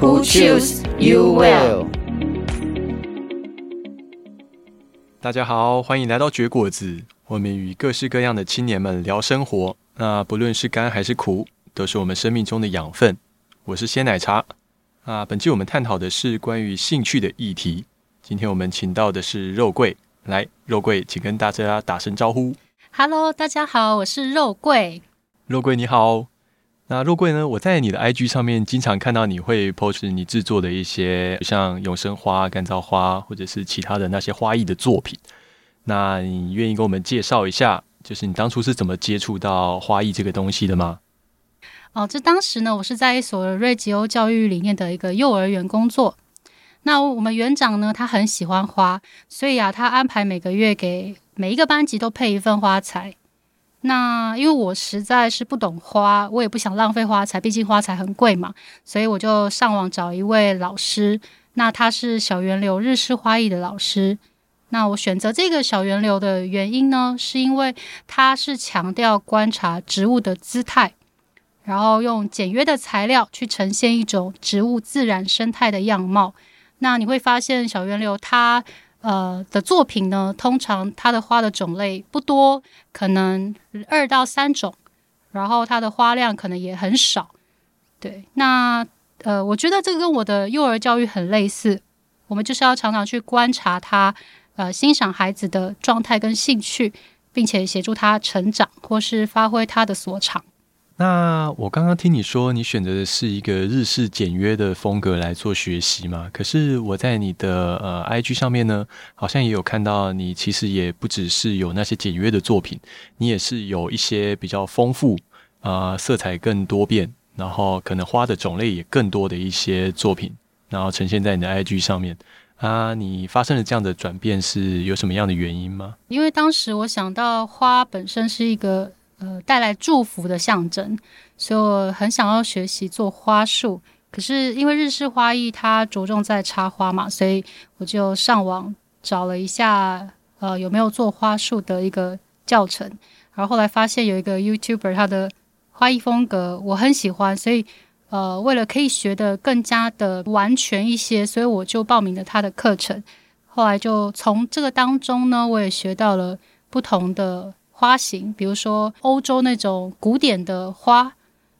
Who choose you well? 大家好，歡迎來到絕果子，我們與各式各樣的青年們聊生活。那不論是甘還是苦，都是我們生命中的養分。我是鮮奶茶。那本期我們探討的是關於興趣的議題。今天我們請到的是肉桂，來，肉桂，請跟大家打聲招呼。哈嘍，大家好，我是肉桂。肉桂，你好。那肉桂呢？我在你的 IG 上面經常看到你會 post 你製作的一些像永生花、乾燥花，或者是其他的那些花藝的作品。那你願意跟我們介紹一下，就是你當初是怎麼接觸到花藝這個東西的嗎？哦，這當時呢，我是在一所瑞吉歐教育理念的一個幼兒園工作。那我們園長呢，他很喜歡花，所以啊，他安排每個月給每一個班級都配一份花材。那因為我實在是不懂花，我也不想浪費花材，畢竟花材很貴嘛，所以我就上網找一位老師。那他是小原流日式花藝的老師。那我選擇這個小原流的原因呢，是因為他是強調觀察植物的姿態，然後用簡約的材料去呈現一種植物自然生態的樣貌。那你會發現小原流他。呃，的作品呢，通常它的花的種類不多，可能二到三種，然後它的花量可能也很少。對，那呃，我覺得這個跟我的幼兒教育很類似，我們就是要常常去觀察他，呃，欣賞孩子的狀態跟興趣，並且協助他成長或是發揮他的所長。那我剛剛聽你說，你選擇的是一個日式簡約的風格來做學習嘛？可是我在你的呃 IG 上面呢，好像也有看到你其實也不只是有那些簡約的作品，你也是有一些比較豐富啊、呃，色彩更多變，然後可能花的種類也更多的一些作品，然後呈現在你的 IG 上面啊。你發生了這樣的轉變是有什麼樣的原因嗎？因為當時我想到花本身是一個。呃，帶來祝福的象徵，所以我很想要學習做花束。可是因為日式花藝它着重在插花嘛，所以我就上網找了一下，呃，有沒有做花束的一個教程，然後後來發現有一個 YouTuber，他的花藝風格我很喜歡，所以呃，為了可以學得更加的完全一些，所以我就報名了他的課程。後來就從這個當中呢，我也學到了不同的。花型，比如說歐洲那種古典的花，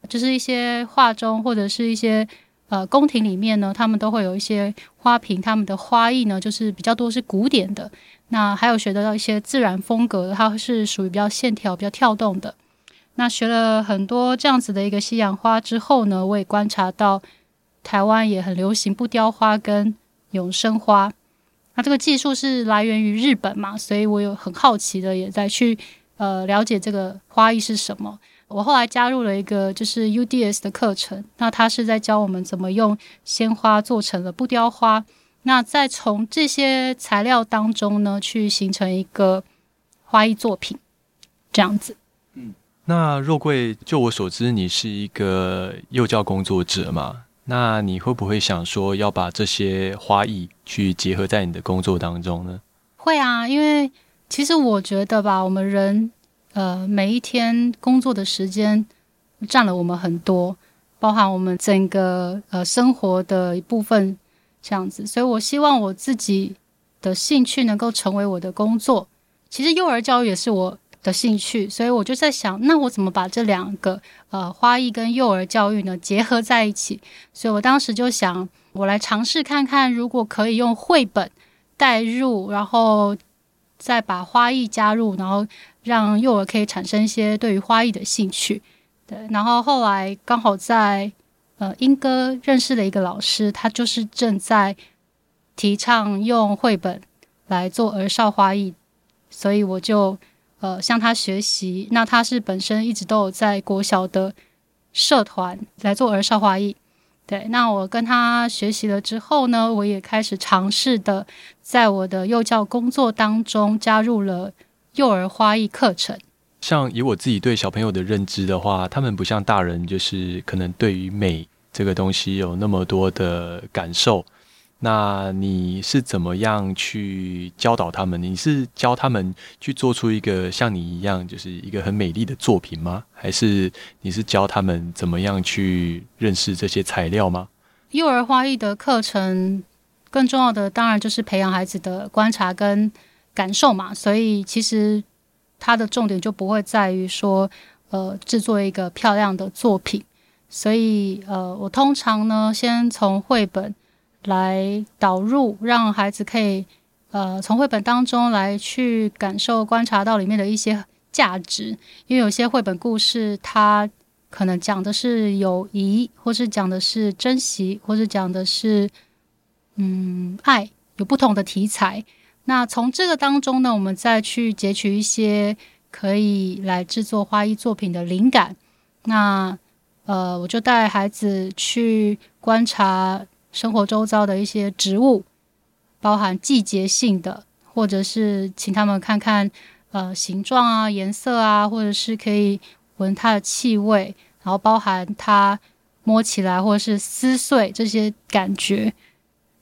就是一些畫中或者是一些呃宮廷裡面呢，他們都會有一些花瓶，他們的花藝呢就是比較多是古典的。那還有學得到一些自然風格，它是屬於比較線條比較跳動的。那學了很多這樣子的一個西洋花之後呢，我也觀察到台灣也很流行不凋花跟永生花。那這個技術是來源於日本嘛，所以我有很好奇的也在去。呃，了解這個花藝是什麼。我後來加入了一個就是 UDS 的課程，那它是在教我們怎麼用鮮花做成了不凋花，那再從這些材料當中呢，去形成一個花藝作品，這樣子。嗯，那肉桂，就我所知，你是一個幼教工作者嘛？那你會不會想說要把這些花藝去結合在你的工作當中呢？會啊，因為。其實我覺得吧，我們人，呃，每一天工作的時間占了我們很多，包含我們整個呃生活的一部分這樣子。所以我希望我自己的興趣能夠成為我的工作。其實幼兒教育也是我的興趣，所以我就在想，那我怎麼把這兩個呃花藝跟幼兒教育呢結合在一起？所以我當時就想，我來嘗試看看，如果可以用繪本帶入，然後。再把花藝加入，然後讓幼兒可以產生一些對於花藝的興趣，對。然後後來剛好在呃英哥認識了一個老師，他就是正在提倡用繪本來做兒少花藝，所以我就呃向他學習。那他是本身一直都有在國小的社團來做兒少花藝。對，那我跟他學習了之後呢，我也開始嘗試的，在我的幼教工作當中加入了幼兒花藝課程。像以我自己對小朋友的認知的話，他們不像大人，就是可能對於美這個東西有那麼多的感受。那你是怎麼樣去教導他們？你是教他們去做出一個像你一樣，就是一個很美麗的作品嗎？還是你是教他們怎麼樣去認識這些材料嗎？幼兒花藝的課程更重要的，當然就是培養孩子的觀察跟感受嘛。所以其實它的重點就不會在於說，呃，製作一個漂亮的作品。所以呃，我通常呢，先從繪本。來導入，讓孩子可以呃從繪本當中來去感受、觀察到裡面的一些價值。因為有些繪本故事，它可能講的是友誼，或是講的是珍惜，或是講的是嗯愛，有不同的題材。那從這個當中呢，我們再去截取一些可以來制作花藝作品的靈感。那呃，我就帶孩子去觀察。生活周遭的一些植物，包含季節性的，或者是請他們看看，呃，形狀啊、顏色啊，或者是可以聞它的氣味，然後包含它摸起來或者是撕碎這些感覺，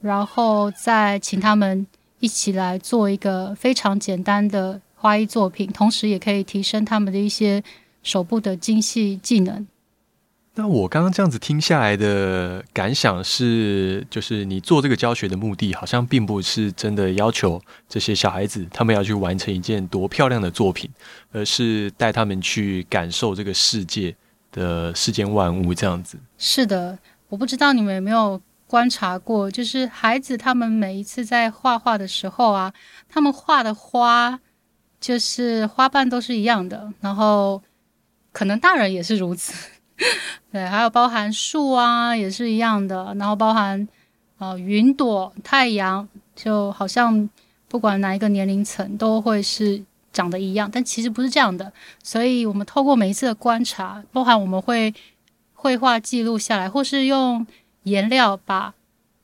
然後再請他們一起來做一個非常簡單的花藝作品，同時也可以提升他們的一些手部的精細技能。那我剛剛這樣子聽下來的感想是，就是你做這個教學的目的，好像並不是真的要求這些小孩子他們要去完成一件多漂亮的作品，而是帶他們去感受這個世界的世間萬物這樣子。是的，我不知道你們有沒有觀察過，就是孩子他們每一次在畫畫的時候啊，他們畫的花就是花瓣都是一樣的，然後可能大人也是如此。 對，還有包含樹啊，也是一樣的。然後包含呃雲朵、太陽，就好像不管哪一個年齡層都會是長得一樣，但其實不是這樣的。所以，我們透過每一次的觀察，包含我們會繪畫記錄下來，或是用顏料把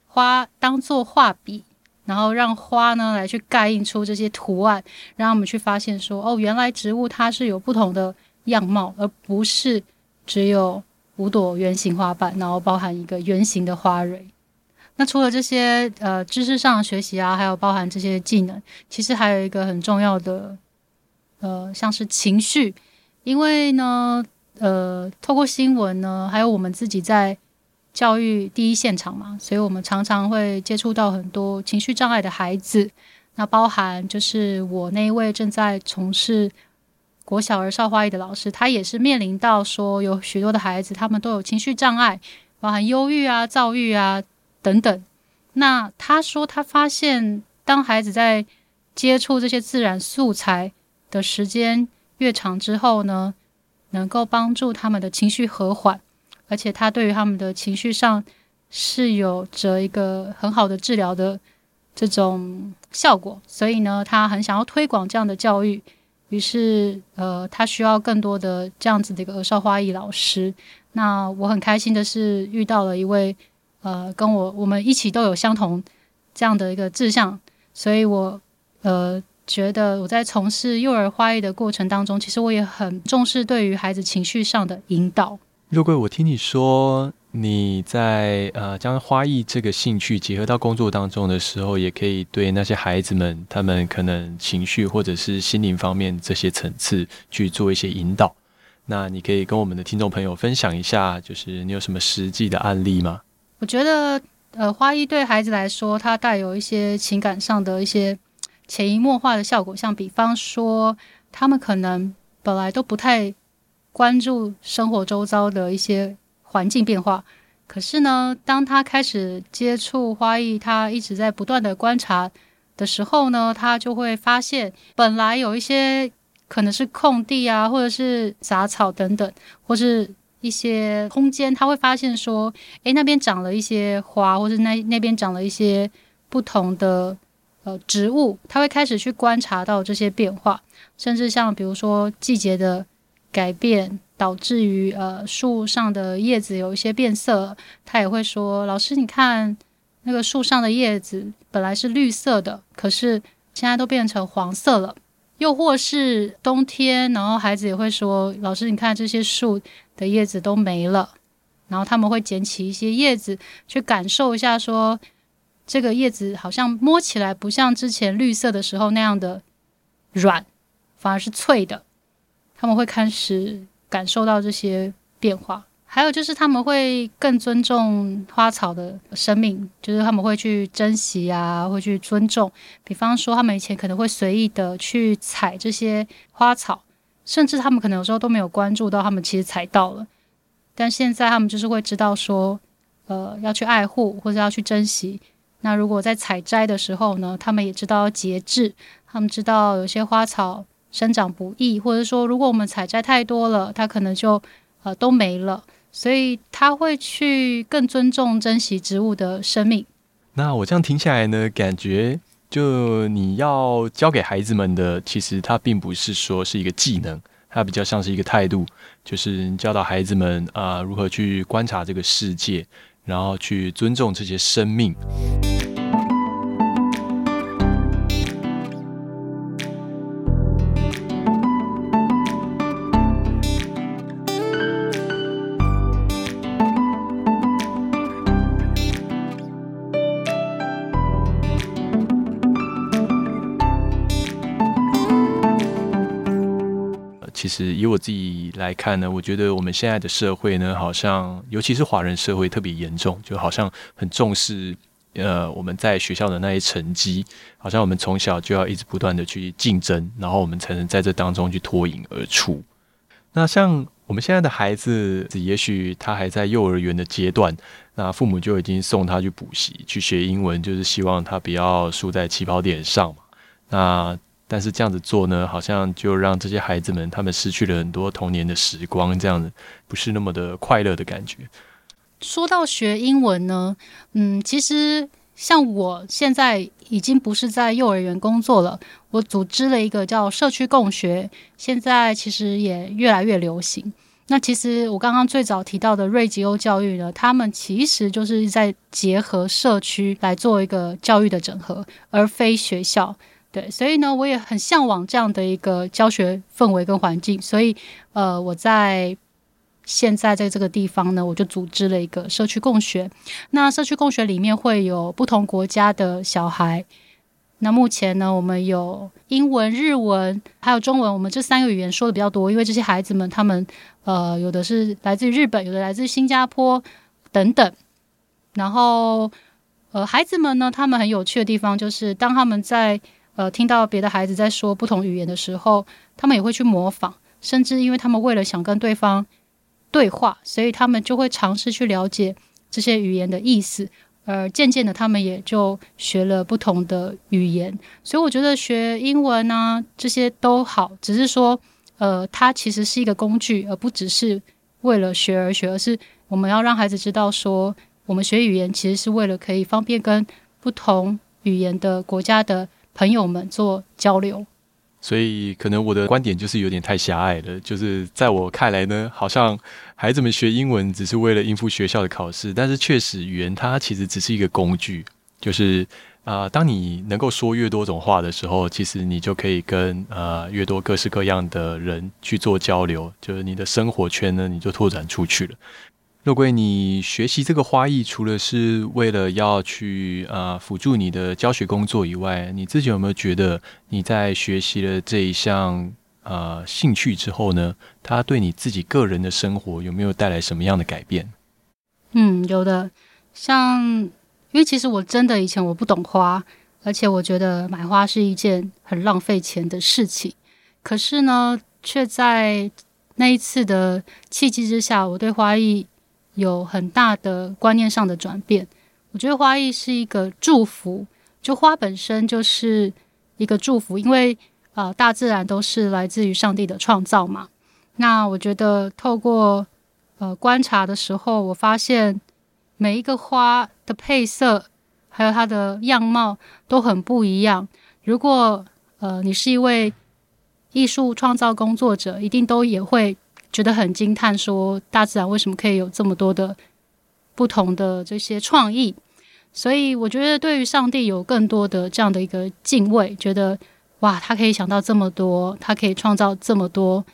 花當做畫筆，然後讓花呢來去蓋印出這些圖案，讓我們去發現說，哦，原來植物它是有不同的樣貌，而不是。只有五朵圓形花瓣，然後包含一個圓形的花蕊。那除了這些呃知識上的學習啊，還有包含這些技能，其實還有一個很重要的呃，像是情緒。因為呢呃，透過新聞呢，還有我們自己在教育第一現場嘛，所以我們常常會接觸到很多情緒障礙的孩子。那包含就是我那一位正在從事。我小兒少花藝的老師，他也是面臨到說有許多的孩子，他們都有情緒障礙，包含憂鬱啊、躁鬱啊等等。那他說，他發現當孩子在接觸這些自然素材的時間越長之後呢，能夠幫助他們的情緒和緩，而且他對於他們的情緒上是有着一個很好的治療的這種效果。所以呢，他很想要推廣這樣的教育。於是，呃，他需要更多的這樣子的一個兒少花藝老師。那我很開心的是遇到了一位，呃，跟我，我們一起都有相同這樣的一個志向，所以我，呃，覺得我在從事幼兒花藝的過程當中，其實我也很重視對於孩子情緒上的引導。肉桂，我聽你說。你在呃將花藝這個興趣結合到工作當中的時候，也可以對那些孩子們，他們可能情緒或者是心靈方面這些層次去做一些引導。那你可以跟我們的聽眾朋友分享一下，就是你有什麼實際的案例嗎？我覺得，呃，花藝對孩子來說，它帶有一些情感上的一些潛移默化的效果。像比方說，他們可能本來都不太關注生活周遭的一些。環境變化，可是呢，當他開始接觸花藝，他一直在不斷的觀察的時候呢，他就會發現，本來有一些可能是空地啊，或者是雜草等等，或是一些空間，他會發現說，哎、欸，那邊長了一些花，或者那那邊長了一些不同的呃植物，他會開始去觀察到這些變化，甚至像比如說季節的改變。導致於呃樹上的葉子有一些變色，他也會說，老師你看那個樹上的葉子本來是綠色的，可是現在都變成黃色了。又或是冬天，然後孩子也會說，老師你看這些樹的葉子都沒了，然後他們會撿起一些葉子去感受一下說，這個葉子好像摸起來不像之前綠色的時候那樣的軟，反而是脆的。他們會開始。感受到這些變化，還有就是他們會更尊重花草的生命，就是他們會去珍惜啊，會去尊重。比方說，他們以前可能會隨意的去採這些花草，甚至他們可能有時候都沒有關注到，他們其實採到了。但現在他們就是會知道說，呃，要去愛護或者要去珍惜。那如果在採摘的時候呢，他們也知道節制，他們知道有些花草。生長不易，或者說，如果我們採摘太多了，它可能就呃都沒了。所以他會去更尊重、珍惜植物的生命。那我這樣聽起來呢，感覺就你要教給孩子們的，其實它並不是說是一個技能，它比較像是一個態度，就是教導孩子們啊、呃、如何去觀察這個世界，然後去尊重這些生命。我自己來看呢，我覺得我們現在的社會呢，好像尤其是華人社會特別嚴重，就好像很重視呃我們在學校的那些成績，好像我們從小就要一直不斷地去競爭，然後我們才能在這當中去脫穎而出。那像我們現在的孩子，也許他還在幼兒園的階段，那父母就已經送他去補習，去學英文，就是希望他不要輸在起跑點上嘛。那但是這樣子做呢，好像就讓這些孩子們他們失去了很多童年的時光，這樣子不是那麼的快樂的感覺。說到學英文呢，嗯，其實像我現在已經不是在幼兒園工作了，我組織了一個叫社區共學，現在其實也越來越流行。那其實我剛剛最早提到的瑞吉歐教育呢，他們其實就是在結合社區來做一個教育的整合，而非學校。對，所以呢，我也很嚮往這樣的一個教學氛圍跟環境。所以，呃，我在現在在這個地方呢，我就組織了一個社區共學。那社區共學裡面會有不同國家的小孩。那目前呢，我們有英文、日文還有中文，我們這三個語言說的比較多，因為這些孩子們他們呃有的是來自於日本，有的來自於新加坡等等。然後，呃，孩子們呢，他們很有趣的地方就是當他們在。呃，聽到別的孩子在說不同語言的時候，他們也會去模仿，甚至因為他們為了想跟對方對話，所以他們就會嘗試去了解這些語言的意思。而漸漸的，他們也就學了不同的語言。所以，我覺得學英文啊，這些都好，只是說，呃，它其實是一個工具，而不只是為了學而學，而是我們要讓孩子知道說，說我們學語言其實是為了可以方便跟不同語言的國家的。朋友們做交流，所以可能我的觀點就是有點太狹隘了。就是在我看來呢，好像孩子們學英文只是為了應付學校的考試，但是確實語言它其實只是一個工具。就是啊、呃，當你能夠說越多種話的時候，其實你就可以跟呃越多各式各樣的人去做交流，就是你的生活圈呢，你就拓展出去了。肉桂，你學習這個花藝，除了是為了要去啊呃、輔助你的教學工作以外，你自己有沒有覺得你在學習了這一項啊、呃、興趣之後呢，它對你自己個人的生活有沒有帶來什麼樣的改變？嗯，有的，像因為其實我真的以前我不懂花，而且我覺得買花是一件很浪費錢的事情。可是呢，卻在那一次的契機之下，我對花藝。有很大的觀念上的轉變，我覺得花藝是一個祝福。就花本身就是一個祝福，因為啊、呃，大自然都是來自於上帝的創造嘛。那我覺得透過呃觀察的時候，我發現每一個花的配色還有它的樣貌都很不一樣。如果呃你是一位藝術創造工作者，一定都也會。覺得很驚嘆說，說大自然為什麼可以有這麼多的不同的這些創意？所以我覺得對於上帝有更多的這樣的一個敬畏，覺得哇，他可以想到這麼多，他可以創造這麼多。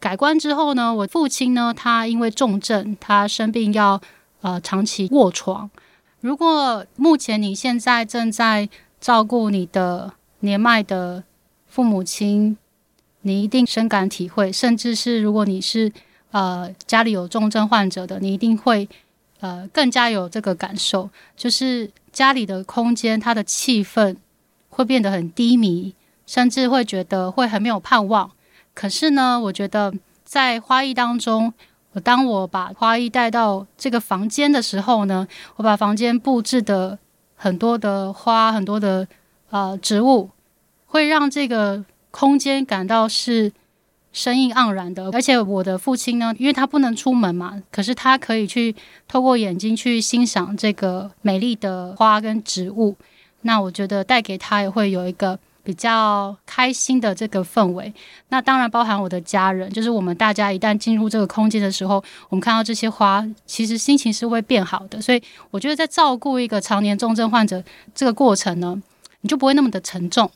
改觀之後呢，我父親呢，他因為重症，他生病要呃長期臥床。如果目前你現在正在照顧你的年邁的父母親。你一定深感體會，甚至是如果你是呃家裡有重症患者的，你一定會呃更加有這個感受，就是家裡的空間它的氣氛會變得很低迷，甚至會覺得會很沒有盼望。可是呢，我覺得在花藝當中，我當我把花藝帶到這個房間的時候呢，我把房間布置的很多的花，很多的呃植物，會讓這個。空間感到是生意盎然的，而且我的父親呢，因為他不能出門嘛，可是他可以去透過眼睛去欣賞這個美麗的花跟植物。那我覺得帶給他也會有一個比較開心的這個氛圍。那當然包含我的家人，就是我們大家一旦進入這個空間的時候，我們看到這些花，其實心情是會變好的。所以我覺得在照顧一個常年重症患者這個過程呢，你就不會那麼的沉重。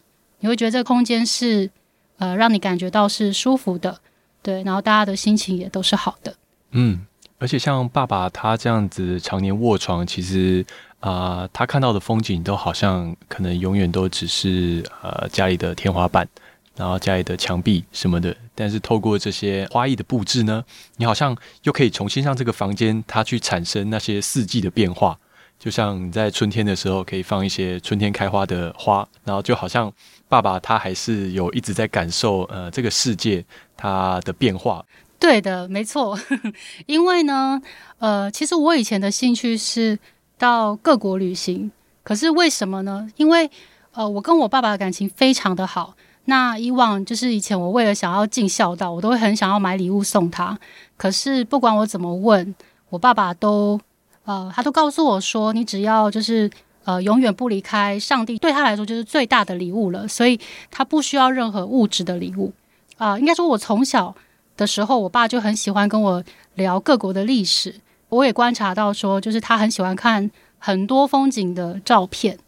你會覺得這個空間是，呃，讓你感覺到是舒服的，對，然後大家的心情也都是好的。嗯，而且像爸爸他這樣子常年臥床，其實啊，呃，他看到的風景都好像可能永遠都只是呃家裡的天花板，然後家裡的牆壁什麼的。但是透過這些花藝的布置呢，你好像又可以重新讓這個房間它去產生那些四季的變化。就像你在春天的時候，可以放一些春天開花的花，然後就好像。爸爸他還是有一直在感受呃這個世界它的變化。對的，沒錯， 因為呢呃其實我以前的興趣是到各國旅行，可是為什麼呢？因為呃我跟我爸爸的感情非常的好，那以往就是以前我為了想要盡孝道，我都會很想要買禮物送他。可是不管我怎麼問，我爸爸都呃他都告訴我說，你只要就是。呃，永遠不離開上帝，對他來說就是最大的禮物了，所以他不需要任何物質的禮物。啊、呃，應該說，我從小的時候，我爸就很喜歡跟我聊各國的歷史，我也觀察到說，就是他很喜歡看很多風景的照片。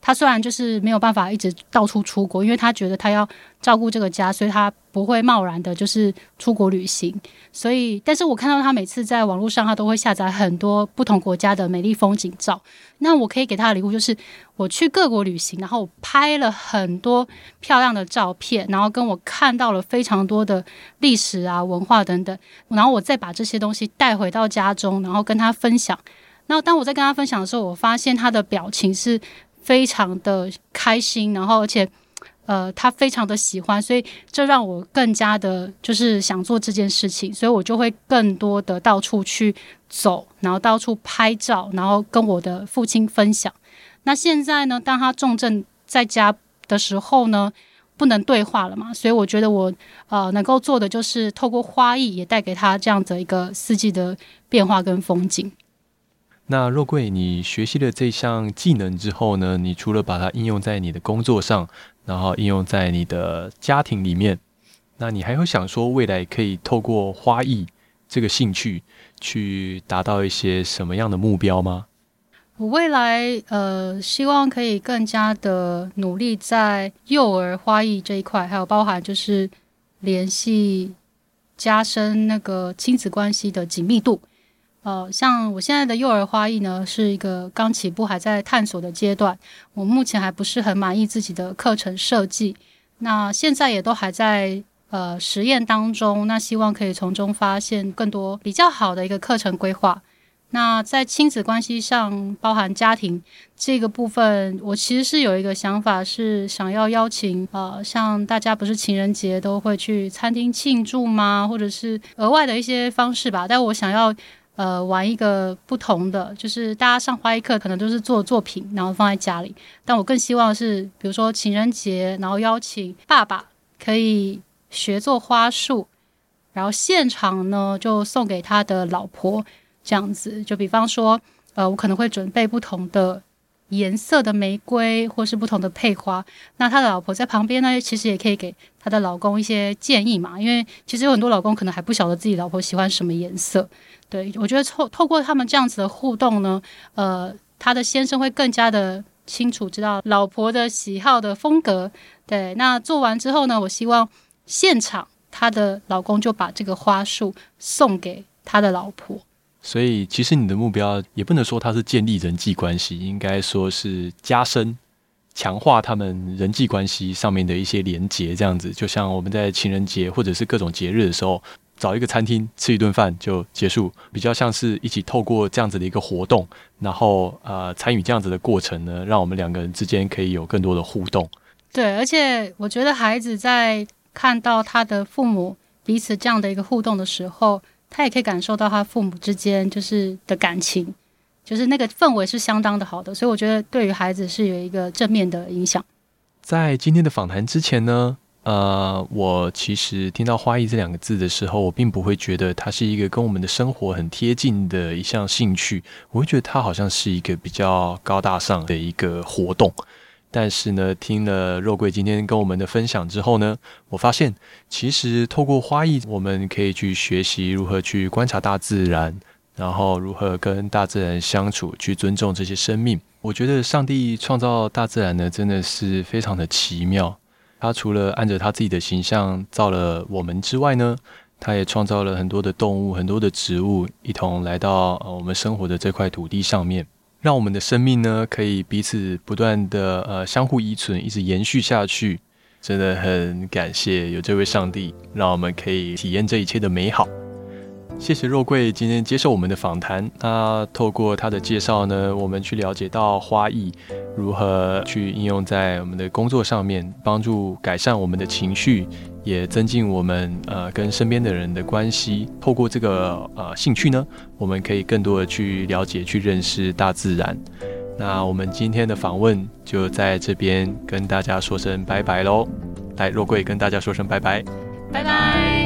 他雖然就是沒有辦法一直到處出國，因為他覺得他要照顧這個家，所以他不會貿然的就是出國旅行。所以，但是我看到他每次在網絡上，他都會下載很多不同國家的美麗風景照。那我可以給他的禮物就是我去各國旅行，然後拍了很多漂亮的照片，然後跟我看到了非常多的歷史啊、文化等等，然後我再把這些東西帶回到家中，然後跟他分享。那當我在跟他分享的時候，我發現他的表情是。非常的開心，然後而且，呃，他非常的喜歡，所以這讓我更加的，就是想做這件事情，所以我就會更多的到處去走，然後到處拍照，然後跟我的父親分享。那現在呢，當他重症在家的時候呢，不能對話了嘛，所以我覺得我呃能夠做的就是透過花藝，也帶給他這樣子一個四季的變化跟風景。那肉桂，你學習了這項技能之後呢，你除了把它應用在你的工作上，然後應用在你的家庭裡面，那你還會想說未來可以透過花藝這個興趣去達到一些什麼樣的目標嗎？我未來呃，希望可以更加的努力，在幼兒花藝這一塊，還有包含就是聯繫、加深那個親子關係的緊密度。呃，像我現在的幼兒花藝呢，是一個剛起步還在探索的階段。我目前還不是很滿意自己的課程設計，那現在也都還在呃實驗當中。那希望可以從中發現更多比較好的一個課程規劃。那在親子關係上，包含家庭這個部分，我其實是有一個想法，是想要邀請呃，像大家不是情人節都會去餐廳慶祝嗎？或者是額外的一些方式吧。但我想要。呃，玩一個不同的，就是大家上花藝課可能都是做作品，然後放在家裡。但我更希望是，比如說情人節，然後邀請爸爸可以學做花束，然後現場呢就送給他的老婆，這樣子。就比方說，呃，我可能會準備不同的。顏色的玫瑰，或是不同的配花。那他的老婆在旁邊呢，其實也可以給他的老公一些建議嘛。因為其實有很多老公可能還不曉得自己老婆喜歡什麼顏色。對，我覺得透透過他們這樣子的互動呢，呃，他的先生會更加的清楚知道老婆的喜好的風格。對，那做完之後呢，我希望現場他的老公就把這個花束送給他的老婆。所以，其實你的目標也不能說它是建立人際關係，應該說是加深、強化他們人際關係上面的一些連結。這樣子，就像我們在情人節或者是各種節日的時候，找一個餐廳吃一頓飯就結束，比較像是一起透過這樣子的一個活動，然後呃參與這樣子的過程呢，讓我們兩個人之間可以有更多的互動。對，而且我覺得孩子在看到他的父母彼此這樣的一個互動的時候。他也可以感受到他父母之間就是的感情，就是那個氛圍是相當的好的，所以我覺得對於孩子是有一個正面的影響。在今天的訪談之前呢，呃，我其實聽到“花藝”這兩個字的時候，我並不會覺得它是一個跟我們的生活很貼近的一項興趣，我會覺得它好像是一個比較高大上的一個活動。但是呢，聽了肉桂今天跟我們的分享之後呢，我發現其實透過花藝，我們可以去學習如何去觀察大自然，然後如何跟大自然相處，去尊重這些生命。我覺得上帝創造大自然呢，真的是非常的奇妙。他除了按着他自己的形象造了我們之外呢，他也創造了很多的動物、很多的植物，一同來到我們生活的這塊土地上面。讓我們的生命呢，可以彼此不斷的，呃，相互依存，一直延續下去。真的很感謝有這位上帝，讓我們可以體驗這一切的美好。謝謝肉桂今天接受我們的訪談。那透過他的介紹呢，我們去了解到花藝如何去應用在我們的工作上面，幫助改善我們的情緒，也增進我們呃跟身邊的人的關係。透過這個呃興趣呢，我們可以更多的去了解、去認識大自然。那我們今天的訪問就在這邊跟大家說聲拜拜嘍。來，肉桂跟大家說聲拜拜，拜拜。